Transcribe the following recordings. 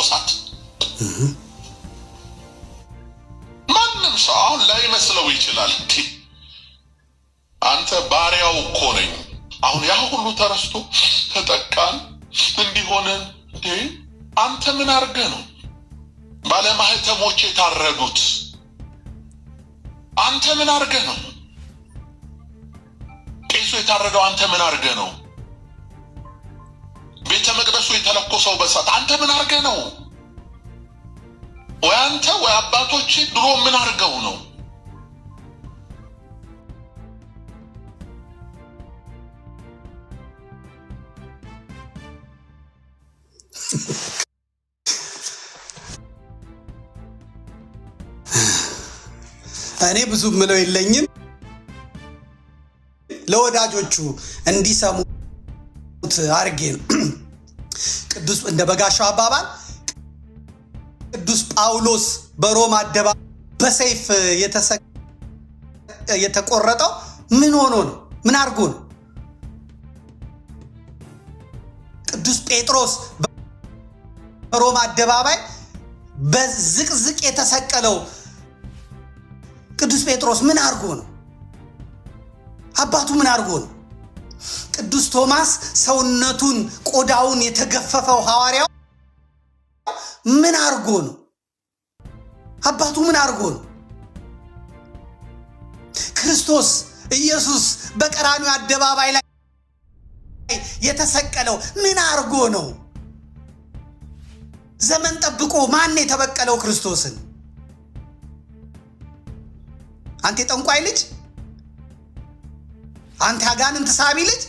ተኮሳት። ማንም ሰው አሁን ላይ መስለው ይችላል። አንተ ባሪያው እኮ ነኝ። አሁን ያ ሁሉ ተረስቶ ተጠቃን እንዲሆንን አንተ ምን አድርገ ነው ባለማህተሞች የታረዱት? አንተ ምን አድርገ ነው ቄሱ የታረደው? አንተ ምን አድርገ ነው ቤተ መቅደሱ የተለኮሰው በሳት አንተ ምን አድርገህ ነው? ወይ አንተ ወይ አባቶች ድሮ ምን አድርገው ነው? እኔ ብዙ ምለው የለኝም ለወዳጆቹ እንዲሰሙ ያወቅኩት አርጌ ቅዱስ እንደ በጋሻው አባባል ቅዱስ ጳውሎስ በሮማ አደባባይ በሰይፍ የተቆረጠው ምን ሆኖ ነው? ምን አድርጎ ነው? ቅዱስ ጴጥሮስ በሮማ አደባባይ በዝቅዝቅ የተሰቀለው ቅዱስ ጴጥሮስ ምን አድርጎ ነው? አባቱ ምን አድርጎ ነው? ቅዱስ ቶማስ ሰውነቱን ቆዳውን የተገፈፈው ሐዋርያው ምን አርጎ ነው? አባቱ ምን አርጎ ነው? ክርስቶስ ኢየሱስ በቀራኒው አደባባይ ላይ የተሰቀለው ምን አርጎ ነው? ዘመን ጠብቆ ማን የተበቀለው ክርስቶስን? አንተ የጠንቋይ ልጅ፣ አንተ አጋንንት ሳቢ ልጅ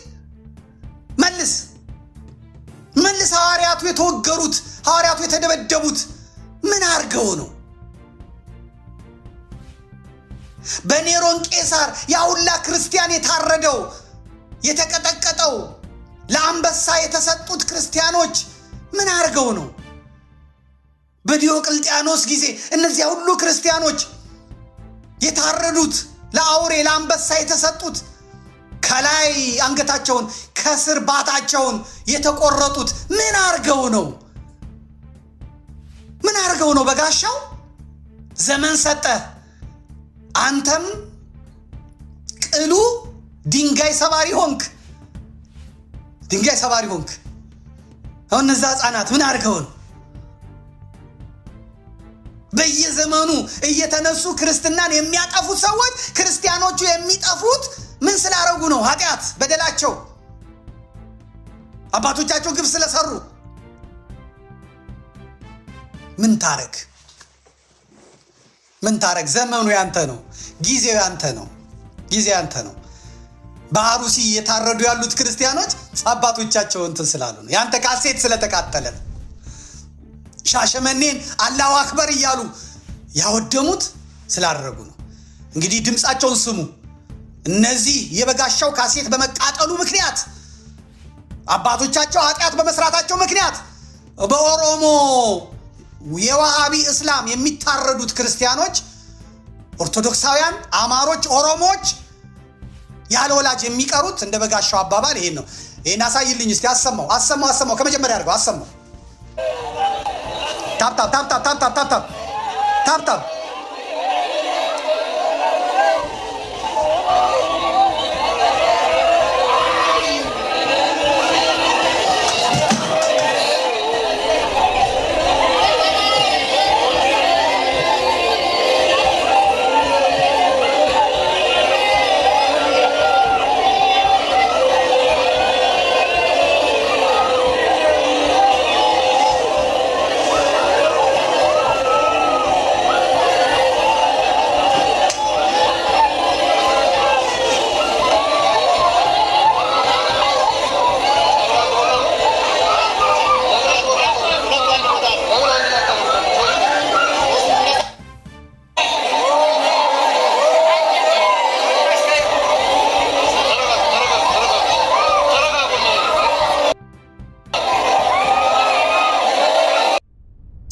መልስ መልስ። ሐዋርያቱ የተወገሩት ሐዋርያቱ የተደበደቡት ምን አድርገው ነው? በኔሮን ቄሳር ያውላ ሁላ ክርስቲያን የታረደው የተቀጠቀጠው ለአንበሳ የተሰጡት ክርስቲያኖች ምን አድርገው ነው? በዲዮቅልጥያኖስ ጊዜ እነዚያ ሁሉ ክርስቲያኖች የታረዱት ለአውሬ ለአንበሳ የተሰጡት ከላይ አንገታቸውን ከስር ባታቸውን የተቆረጡት ምን አርገው ነው? ምን አርገው ነው? በጋሻው ዘመን ሰጠ፣ አንተም ቅሉ ድንጋይ ሰባሪ ሆንክ። ድንጋይ ሰባሪ ሆንክ። አሁን እነዛ ህፃናት ምን አርገውን ነው? በየዘመኑ እየተነሱ ክርስትናን የሚያጠፉት ሰዎች ክርስቲያኖቹ የሚጠፉት ምን ስላረጉ ነው? ኃጢአት በደላቸው፣ አባቶቻቸው ግብ ስለሰሩ ምን ታረግ ምን ታረግ? ዘመኑ ያንተ ነው። ጊዜው ያንተ ነው። ጊዜ ያንተ ነው። በአሩሲ የታረዱ ያሉት ክርስቲያኖች አባቶቻቸው እንትን ስላሉ ነው። ያንተ ካሴት ስለተቃጠለ ነው። ሻሸመኔን አላሁ አክበር እያሉ ያወደሙት ስላደረጉ ነው። እንግዲህ ድምፃቸውን ስሙ። እነዚህ የበጋሻው ካሴት በመቃጠሉ ምክንያት አባቶቻቸው ኃጢአት በመስራታቸው ምክንያት በኦሮሞ የዋሃቢ እስላም የሚታረዱት ክርስቲያኖች፣ ኦርቶዶክሳውያን፣ አማሮች፣ ኦሮሞዎች ያለ ወላጅ የሚቀሩት እንደ በጋሻው አባባል ይሄን ነው። ይህን አሳይልኝ እስቲ። አሰማው አሰማው አሰማው ከመጀመሪያ አድርገው አሰማው። ታፕ ታፕ ታፕ ታፕ ታፕ ታፕ ታፕ ታፕ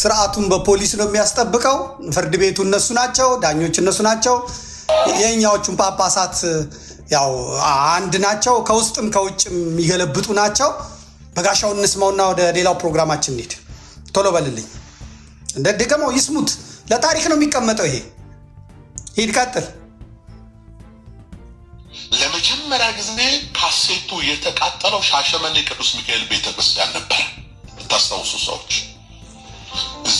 ስርዓቱን በፖሊስ ነው የሚያስጠብቀው። ፍርድ ቤቱ እነሱ ናቸው፣ ዳኞች እነሱ ናቸው። የእኛዎቹን ጳጳሳት ያው አንድ ናቸው፣ ከውስጥም ከውጭም የሚገለብጡ ናቸው። በጋሻው እንስማውና ወደ ሌላው ፕሮግራማችን እንሂድ። ቶሎ በልልኝ እንደ ድገመው ይስሙት። ለታሪክ ነው የሚቀመጠው ይሄ። ሂድ ቀጥል። ለመጀመሪያ ጊዜ ካሴቱ የተቃጠለው ሻሸመኔ ቅዱስ ሚካኤል ቤተክርስቲያን ነበር። የምታስታውሱ ሰዎች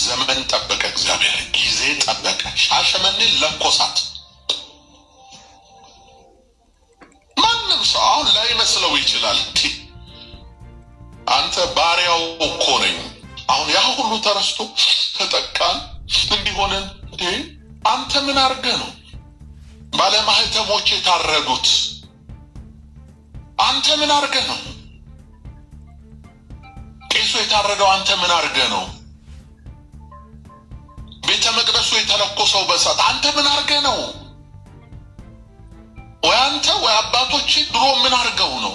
ዘመን ጠበቀ፣ እግዚአብሔር ጊዜ ጠበቀ። ሻሸመኔ ለኮሳት። ማንም ሰው አሁን ላይመስለው ይችላል። አንተ ባሪያው እኮ ነኝ። አሁን ያ ሁሉ ተረስቶ ተጠቃን እንዲሆንን አንተ ምን አድርገ ነው ባለማህተሞች የታረዱት? አንተ ምን አድርገ ነው ቄሱ የታረደው? አንተ ምን አድርገ ነው ቤተ መቅደሱ የተለኮሰው በእሳት አንተ ምን አድርገህ ነው? ወይ አንተ ወይ አባቶች ድሮ ምን አድርገው ነው?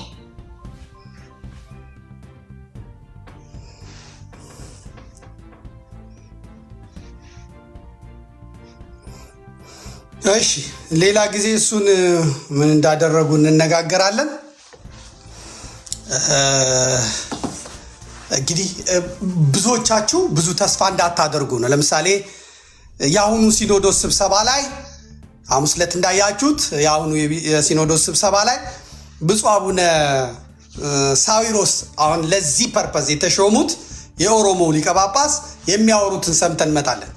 እሺ ሌላ ጊዜ እሱን ምን እንዳደረጉ እንነጋገራለን። እንግዲህ ብዙዎቻችሁ ብዙ ተስፋ እንዳታደርጉ ነው። ለምሳሌ የአሁኑ ሲኖዶስ ስብሰባ ላይ ሐሙስ ዕለት እንዳያችሁት የአሁኑ የሲኖዶስ ስብሰባ ላይ ብፁ አቡነ ሳዊሮስ አሁን ለዚህ ፐርፐዝ የተሾሙት የኦሮሞ ሊቀ ጳጳስ የሚያወሩትን ሰምተን እንመጣለን።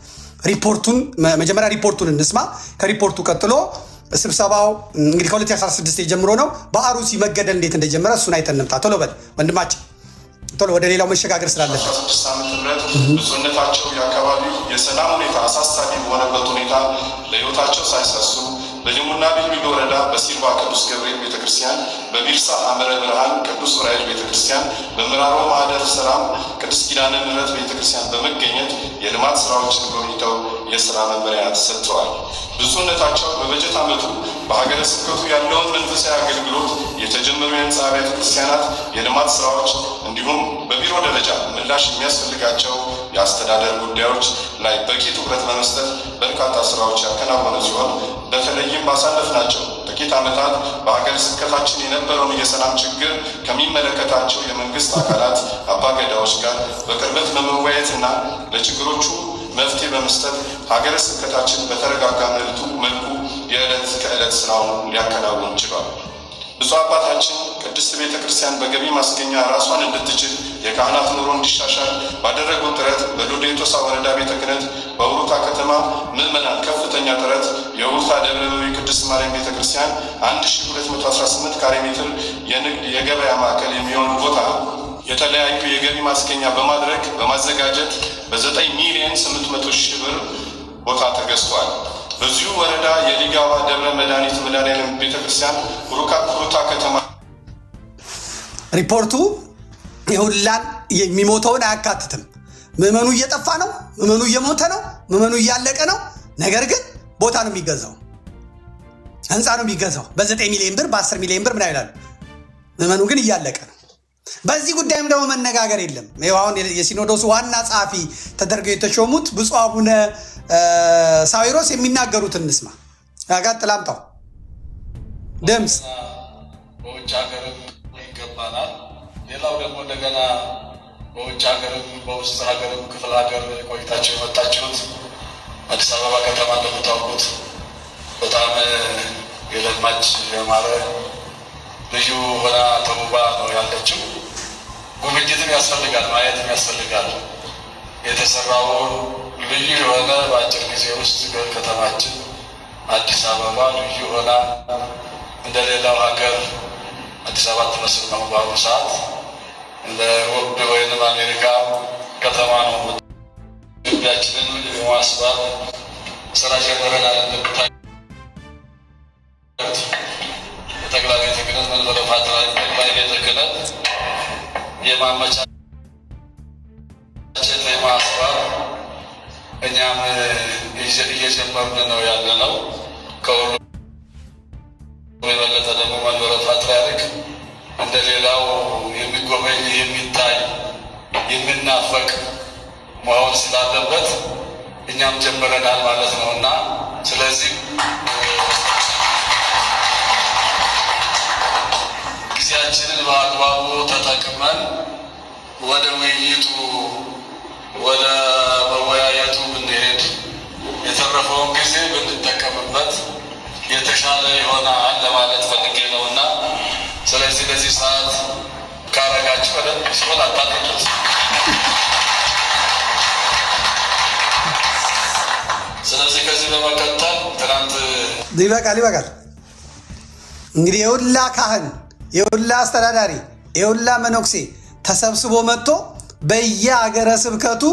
ሪፖርቱን መጀመሪያ ሪፖርቱን እንስማ። ከሪፖርቱ ቀጥሎ ስብሰባው እንግዲህ ከ2016 የጀምሮ ነው። በአሩሲ መገደል እንዴት እንደጀመረ እሱን አይተን እንምጣ። ቶሎ በል ወንድማችን። ቶሎ ወደ ሌላው መሸጋገር ስላለበት ስድስት የአካባቢ ብዙነታቸው የሰላም ሁኔታ አሳሳቢ በሆነበት ሁኔታ ለህይወታቸው ሳይሰሱ በጅሙና ቢልሚል ወረዳ በሲልባ ቅዱስ ገብርኤል ቤተክርስቲያን፣ በቢርሳ አመረ ብርሃን ቅዱስ ዑራኤል ቤተክርስቲያን፣ በምራሮ ማህደር ሰላም ቅዱስ ኪዳነ ምህረት ቤተክርስቲያን በመገኘት የልማት ስራዎችን ጎብኝተው የስራ መመሪያ ሰጥተዋል። ብፁዕነታቸው በበጀት ዓመቱ በሀገረ ስብከቱ ያለውን መንፈሳዊ አገልግሎት፣ የተጀመሩ የህንፃ ቤተ ክርስቲያናት የልማት ስራዎች እንዲሁም በቢሮ ደረጃ ምላሽ የሚያስፈልጋቸው የአስተዳደር ጉዳዮች ላይ በቂ ትኩረት በመስጠት በርካታ ስራዎች ያከናወኑ ሲሆን በተለይም ናቸው። ጥቂት ዓመታት በሀገር ስብከታችን የነበረውን የሰላም ችግር ከሚመለከታቸው የመንግስት አካላት አባገዳዎች ጋር በቅርበት በመወያየትና ለችግሮቹ መፍትሄ በመስጠት ሀገረ ስብከታችን በተረጋጋ መልኩ የዕለት ከዕለት ስራውን ሊያከናውን ችሏል። ብፁዕ አባታችን ቅድስት ቤተ ክርስቲያን በገቢ ማስገኛ ራሷን እንድትችል የካህናት ኑሮ እንዲሻሻል ባደረጉት ጥረት በሎዴቶሳ ወረዳ ቤተ ክህነት በውሩታ ከተማ ምዕመናን ከፍተኛ ጥረት የውሩታ ደብረበዊ ቅድስት ማርያም ቤተ ክርስቲያን 1218 ካሬ ሜትር የንግድ የገበያ ማዕከል የሚሆን ቦታ የተለያዩ የገቢ ማስገኛ በማድረግ በማዘጋጀት በዘጠኝ ሚሊዮን ስምንት መቶ ሺህ ብር ቦታ ተገዝቷል። በዚሁ ወረዳ የሊጋዋ ደብረ መድኃኒት መድኃኔዓለም ቤተክርስቲያን ሩታ ከተማ ሪፖርቱ የሁላን የሚሞተውን አያካትትም። ምዕመኑ እየጠፋ ነው፣ ምዕመኑ እየሞተ ነው፣ ምዕመኑ እያለቀ ነው። ነገር ግን ቦታ ነው የሚገዛው፣ ህንፃ ነው የሚገዛው በዘጠኝ ሚሊዮን ብር በአስር ሚሊዮን ብር ምን ይላሉ። ምዕመኑ ግን እያለቀ ነው። በዚህ ጉዳይም ደግሞ መነጋገር የለም። አሁን የሲኖዶሱ ዋና ጸሐፊ ተደርገው የተሾሙት ብፁ አቡነ ሳዊሮስ የሚናገሩት እንስማ። ጋት ጥላምጣው ድምፅ በውጭ ሀገርም ይገባናል። ሌላው ደግሞ እንደገና በውጭ ሀገርም በውስጥ ሀገርም ክፍለ ሀገር ቆይታቸው የመጣችሁት አዲስ አበባ ከተማ እንደምታውቁት በጣም የለማች የማረ ልዩ ሆና ተውባ ነው ያለችው። ጉብኝትም ያስፈልጋል፣ ማየትም ያስፈልጋል። የተሰራውን ልዩ የሆነ በአጭር ጊዜ ውስጥ በከተማችን አዲስ አበባ ልዩ ሆና እንደሌላው ሀገር አዲስ አበባ ትመስል ነው። በአሁኑ ሰዓት እንደ ውድ ወይንም አሜሪካ ከተማ ነው። ኢትዮጵያችንን የማስባብ ስራ ጀምረናል። እንደምታ ወታደራዊ ፕሪማይል የተክለ የማመቻቸት የማስባብ እኛም እየጀመርን ነው ያለ ነው። ከሁሉ የበለጠ ደግሞ መንበረ ፓትርያርክ እንደ የሚጎበኝ የሚታይ የሚናፈቅ መሆን ስላለበት እኛም ጀምረናል ማለት ነው እና ስለዚህ ጊዜያችንን በአግባቡ ተጠቅመን ወደ ውይይቱ ወደ መወያየቱ ብንሄድ የተረፈውን ጊዜ ብንጠቀምበት የተሻለ ይሆናል ለማለት ፈልጌ ነው እና ስለዚህ በዚህ ሰዓት ካረጋችሁ በደንብ ሲሆን አታጠቅስ ስለዚህ ከዚህ በመቀጠል ትናንት ይበቃል ይበቃል እንግዲህ የሁላ ካህን የሁላ አስተዳዳሪ የሁላ መነኩሴ ተሰብስቦ መጥቶ በየሀገረ ስብከቱ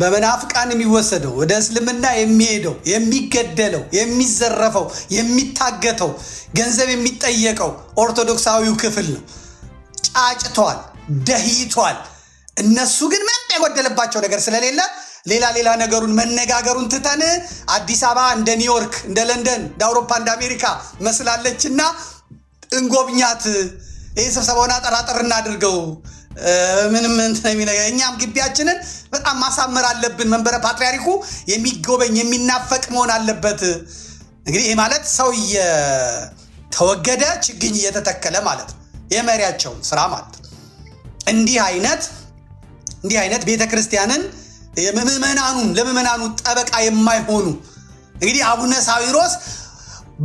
በመናፍቃን የሚወሰደው ወደ እስልምና የሚሄደው የሚገደለው የሚዘረፈው የሚታገተው ገንዘብ የሚጠየቀው ኦርቶዶክሳዊው ክፍል ነው። ጫጭቷል፣ ደህይቷል። እነሱ ግን ምን የጎደለባቸው ነገር ስለሌለ ሌላ ሌላ ነገሩን መነጋገሩን ትተን አዲስ አበባ እንደ ኒውዮርክ እንደ ለንደን እንደ አውሮፓ እንደ አሜሪካ መስላለችና እንጎብኛት። ይህ ስብሰባውን አጠራጠር እናድርገው። ምንም እኛም ግቢያችንን በጣም ማሳመር አለብን። መንበረ ፓትርያርኩ የሚጎበኝ የሚናፈቅ መሆን አለበት። እንግዲህ ይህ ማለት ሰው እየተወገደ ችግኝ እየተተከለ ማለት ነው። የመሪያቸውን ስራ ማለት እንዲህ አይነት እንዲህ አይነት ቤተ ክርስቲያንን ምዕመናኑን ለምዕመናኑ ጠበቃ የማይሆኑ እንግዲህ አቡነ ሳዊሮስ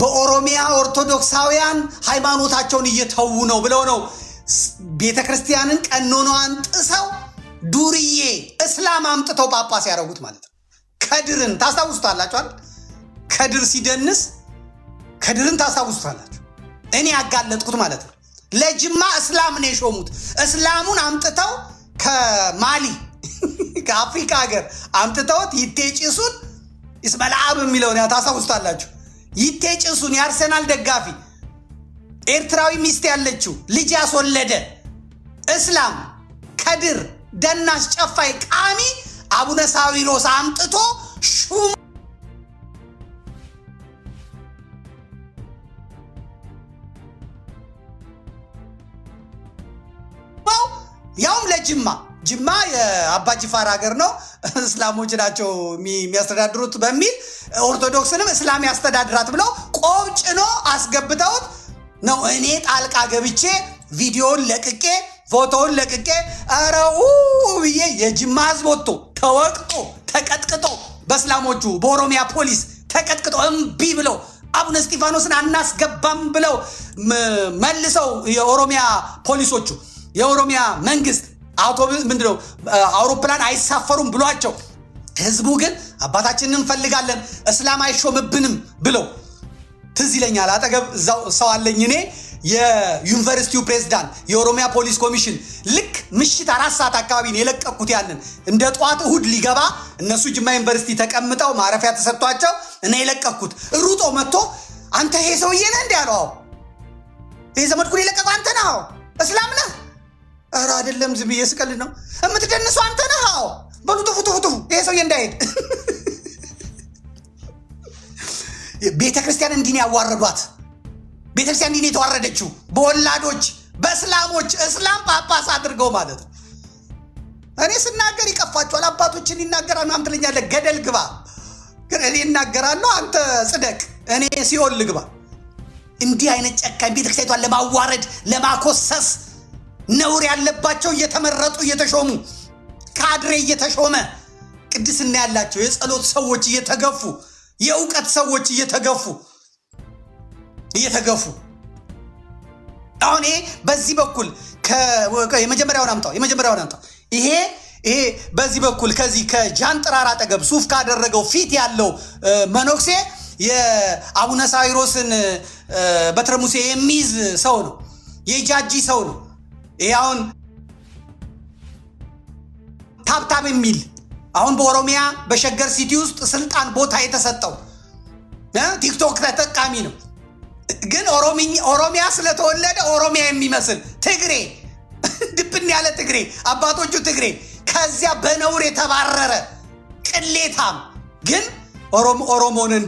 በኦሮሚያ ኦርቶዶክሳውያን ሃይማኖታቸውን እየተዉ ነው ብለው ነው ቤተ ክርስቲያንን ቀኖናዋን ጥሰው ዱርዬ እስላም አምጥተው ጳጳስ ያደረጉት ማለት ነው። ከድርን ታስታውሱታላችኋል። ከድር ሲደንስ ከድርን ታስታውሱታላችሁ። እኔ ያጋለጥኩት ማለት ነው። ለጅማ እስላም ነው የሾሙት። እስላሙን አምጥተው ከማሊ ከአፍሪካ ሀገር አምጥተውት ይቴጭሱን ጭሱን ይስመልአብ የሚለውን ታስታውሱታላችሁ። ይቴ ጭሱን የአርሰናል ደጋፊ ኤርትራዊ ሚስት ያለችው ልጅ ያስወለደ እስላም ከድር ደናስ ጨፋይ ቃሚ አቡነ ሳዊሮስ አምጥቶ ሹም ያውም ለጅማ ጅማ የአባጅፋር ሀገር ነው፣ እስላሞች ናቸው የሚያስተዳድሩት በሚል ኦርቶዶክስንም እስላም ያስተዳድራት ብለው ቆብጭኖ አስገብተውት ነው። እኔ ጣልቃ ገብቼ ቪዲዮውን ለቅቄ ፎቶውን ለቅቄ ረው ብዬ የጅማ ህዝብ ወጥቶ ተወቅጦ ተቀጥቅጦ በእስላሞቹ በኦሮሚያ ፖሊስ ተቀጥቅጦ እምቢ ብለው አቡነ እስጢፋኖስን አናስገባም ብለው መልሰው የኦሮሚያ ፖሊሶቹ የኦሮሚያ መንግስት አውቶቡስ ምንድነው አውሮፕላን አይሳፈሩም ብሏቸው፣ ህዝቡ ግን አባታችንን እንፈልጋለን እስላም አይሾምብንም ብለው ትዝ ይለኛል። አጠገብ እዛው ሰው አለኝ እኔ የዩኒቨርሲቲው ፕሬዝዳንት የኦሮሚያ ፖሊስ ኮሚሽን ልክ ምሽት አራት ሰዓት አካባቢ ነው የለቀኩት። ያንን እንደ ጠዋት እሁድ ሊገባ እነሱ ጅማ ዩኒቨርሲቲ ተቀምጠው ማረፊያ ተሰጥቷቸው እና የለቀቅኩት ሩጦ መጥቶ አንተ ይሄ ሰውዬ ነህ እንዲ ያለው ይሄ ዘመድኩን የለቀቀው አንተ ነህ እስላም ነህ ኧረ አይደለም፣ ዝም ብዬ ስቀልድ ነው። የምትደንሱ አንተ ነህ። አዎ በሉ ጥፉ፣ ጥፉ፣ ጥፉ። ይሄ ሰውዬ እንዳይሄድ ቤተ ክርስቲያን እንዲህ ነው ያዋረዷት። ቤተ ክርስቲያን እንዲህ ነው የተዋረደችው በወላዶች በእስላሞች እስላም ጳጳስ አድርገው ማለት ነው። እኔ ስናገር ይቀፋችኋል። አባቶችን ይናገራል ምናምን ትለኛለህ። ገደል ግባ። ግን እኔ እናገራለሁ፣ አንተ ጽደቅ፣ እኔ ሲኦል ልግባ። እንዲህ አይነት ጨካኝ ቤተክርስቲያኗን ለማዋረድ ለማኮሰስ ነውር ያለባቸው እየተመረጡ እየተሾሙ ካድሬ እየተሾመ ቅድስና ያላቸው የጸሎት ሰዎች እየተገፉ የእውቀት ሰዎች እየተገፉ እየተገፉ አሁን ይሄ በዚህ በኩል የመጀመሪያውን አምጣው፣ የመጀመሪያውን አምጣው። ይሄ ይሄ በዚህ በኩል ከዚህ ከጃንጥራር አጠገብ ሱፍ ካደረገው ፊት ያለው መነኩሴ የአቡነ ሳይሮስን በትረ ሙሴ የሚይዝ ሰው ነው። የጃጂ ሰው ነው። ይሄ አሁን ታብታብ የሚል አሁን በኦሮሚያ በሸገር ሲቲ ውስጥ ስልጣን ቦታ የተሰጠው ቲክቶክ ተጠቃሚ ነው። ግን ኦሮሚያ ስለተወለደ ኦሮሚያ የሚመስል ትግሬ ድብን ያለ ትግሬ አባቶቹ ትግሬ ከዚያ በነውር የተባረረ ቅሌታም ግን ኦሮሞንን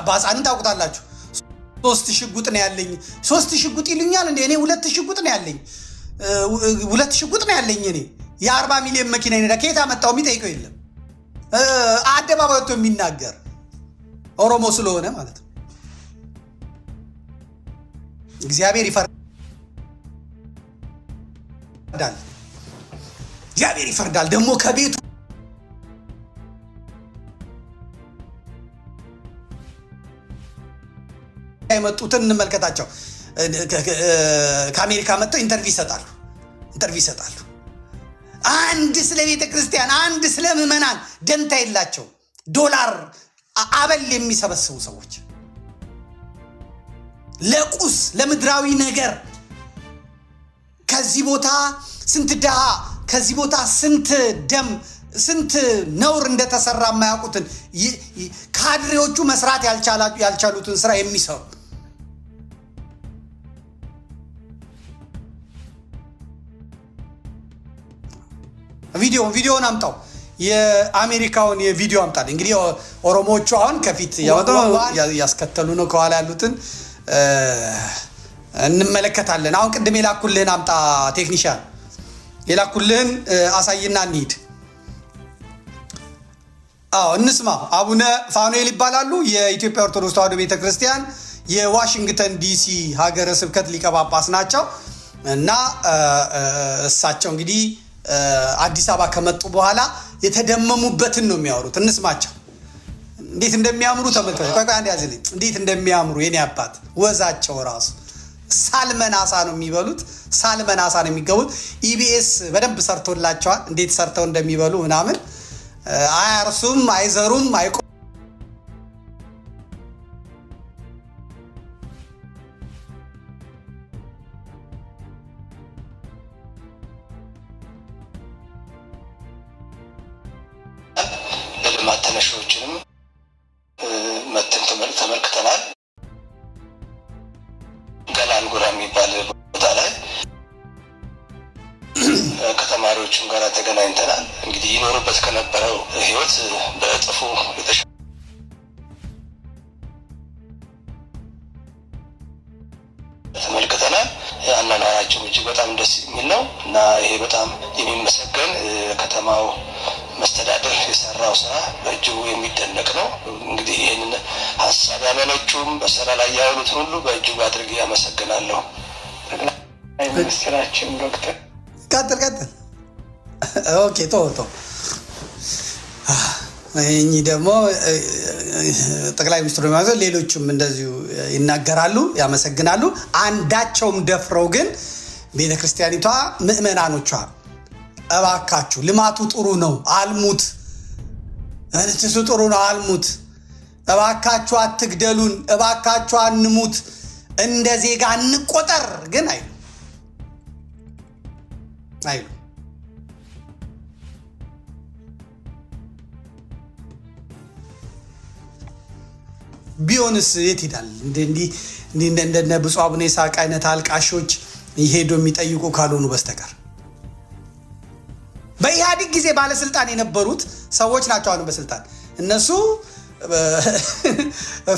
አባ ሕፃንን ታውቁታላችሁ። ሶስት ሽጉጥ ነው ያለኝ። ሶስት ሽጉጥ ይሉኛል እንደ እኔ ሁለት ሽጉጥ ነው ያለኝ። ሁለት ሽጉጥ ነው ያለኝ እኔ የአርባ ሚሊዮን መኪና ይነዳ። ከየት አመጣው የሚጠይቀው የለም። አደባባይ ወጥቶ የሚናገር ኦሮሞ ስለሆነ ማለት ነው። እግዚአብሔር ይፈርዳል። እግዚአብሔር ይፈርዳል ደግሞ ከቤቱ የመጡትን እንመልከታቸው። ከአሜሪካ መጥተው ኢንተርቪው ይሰጣሉ ኢንተርቪው ይሰጣሉ። አንድ ስለ ቤተ ክርስቲያን፣ አንድ ስለ ምዕመናን ደንታ የላቸው። ዶላር አበል የሚሰበስቡ ሰዎች ለቁስ ለምድራዊ ነገር ከዚህ ቦታ ስንት ድሃ ከዚህ ቦታ ስንት ደም ስንት ነውር እንደተሰራ የማያውቁትን ካድሬዎቹ መስራት ያልቻሉትን ስራ የሚሰሩ ቪዲዮ ቪዲዮውን አምጣው የአሜሪካውን የቪዲዮ አምጣል። እንግዲህ ኦሮሞዎቹ አሁን ከፊት ያስከተሉ ነው፣ ከኋላ ያሉትን እንመለከታለን። አሁን ቅድም የላኩልህን አምጣ ቴክኒሽያን የላኩልህን አሳይና እንሂድ። አዎ እንስማ። አቡነ ፋኑኤል ይባላሉ። የኢትዮጵያ ኦርቶዶክስ ተዋህዶ ቤተክርስቲያን የዋሽንግተን ዲሲ ሀገረ ስብከት ሊቀ ጳጳስ ናቸው እና እሳቸው እንግዲህ አዲስ አበባ ከመጡ በኋላ የተደመሙበትን ነው የሚያወሩት። እንስማቸው እንዴት እንደሚያምሩ ተመልከቱ። አንድ ያዝልኝ እንዴት እንደሚያምሩ የኔ አባት ወዛቸው ራሱ ሳልመን አሳ ነው የሚበሉት፣ ሳልመን አሳ ነው የሚገቡት። ኢቢኤስ በደንብ ሰርቶላቸዋል። እንዴት ሰርተው እንደሚበሉ ምናምን አያርሱም፣ አይዘሩም፣ አይቆ ተማሪዎችም ጋር ተገናኝተናል። እንግዲህ ይኖሩበት ከነበረው ህይወት በእጥፉ የተሻ እጅግ በጣም ደስ የሚል ነው እና ይሄ በጣም የሚመሰገን ከተማው መስተዳደር የሰራው ስራ በእጅጉ የሚደነቅ ነው። እንግዲህ ይህንን ሀሳብ ያመነጩም በስራ ላይ ያውሉትን ሁሉ በእጅጉ አድርጌ ያመሰግናለሁ። ጠቅላይ ሚኒስትራችን ዶክተር ቀጥል ቀጥል ኦኬ ቶ ቶ እኚህ ደግሞ ጠቅላይ ሚኒስትሩ ማለት ሌሎችም እንደዚሁ ይናገራሉ፣ ያመሰግናሉ። አንዳቸውም ደፍረው ግን ቤተ ክርስቲያኒቷ ምዕመናኖቿ እባካችሁ ልማቱ ጥሩ ነው አልሙት፣ እንትሱ ጥሩ ነው አልሙት፣ እባካችሁ አትግደሉን፣ እባካችሁ አንሙት፣ እንደ ዜጋ እንቆጠር ግን አይሉ አይሉ ቢሆንስ የት ሄዳል? እንደነ ብፁዕ አቡነ ይስሐቅ አይነት አልቃሾች ሄዶ የሚጠይቁ ካልሆኑ በስተቀር በኢህአዲግ ጊዜ ባለስልጣን የነበሩት ሰዎች ናቸው። አሁን በስልጣን እነሱ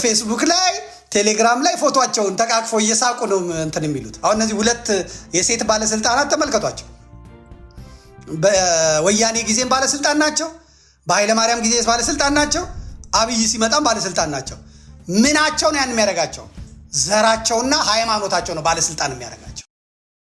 ፌስቡክ ላይ ቴሌግራም ላይ ፎቶቸውን ተቃቅፎ እየሳቁ ነው እንትን የሚሉት። አሁን እነዚህ ሁለት የሴት ባለስልጣናት ተመልከቷቸው። በወያኔ ጊዜም ባለስልጣን ናቸው፣ በኃይለማርያም ጊዜ ባለስልጣን ናቸው፣ አብይ ሲመጣም ባለስልጣን ናቸው። ምናቸው ነው ያን የሚያደርጋቸው? ዘራቸውና ሃይማኖታቸው ነው ባለስልጣን የሚያደርጋቸው።